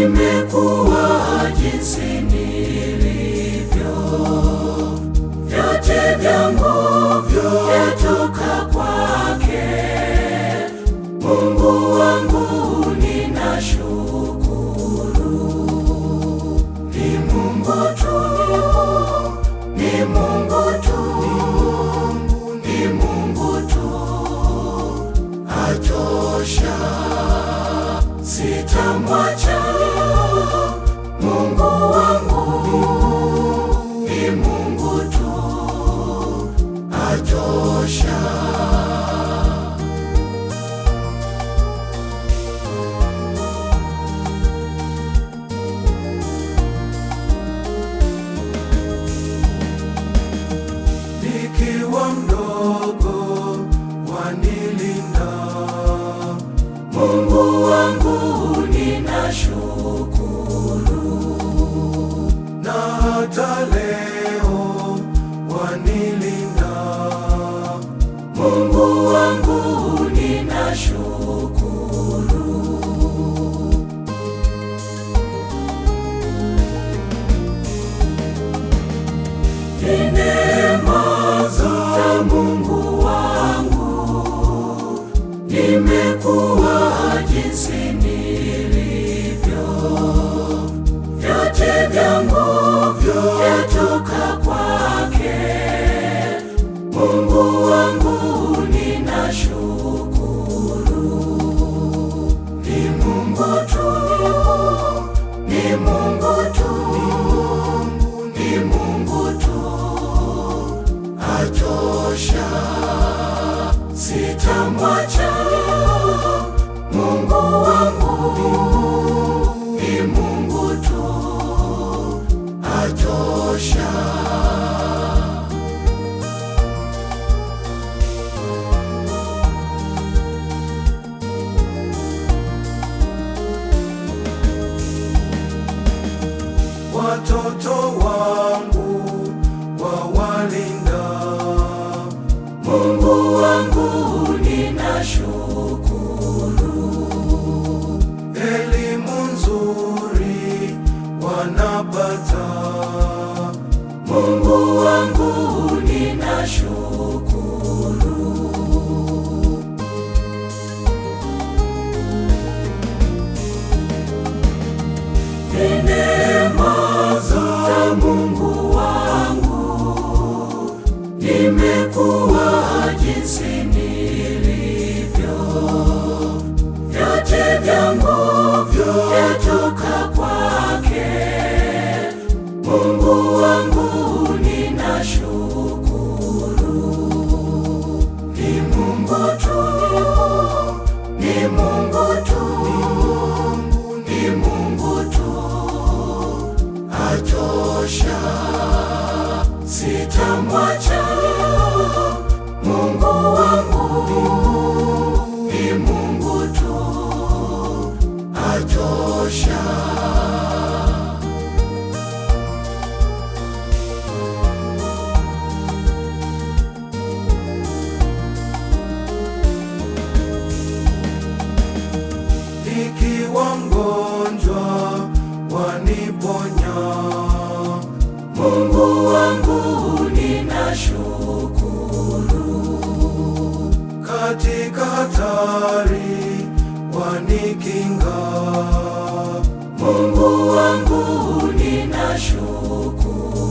nimekuwa jinsi ni hata leo wanilinda. Mungu wangu ninashukuru. neema za Mungu wangu nimekuwa jinsi vinavyotoka kwake. Mungu wangu, ninashukuru. Ni Mungu tu, ni Mungu tu, ni Mungu tu, atosha, sitamwacha kutosha. Watoto wangu wawalinda, Mungu wangu ninashu wangu ninashuku someone. ni kinga. Mungu wangu ninashukuru.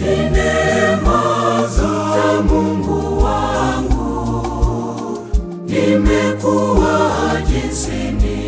Ni neema za Mungu wangu nimekuwa jinsi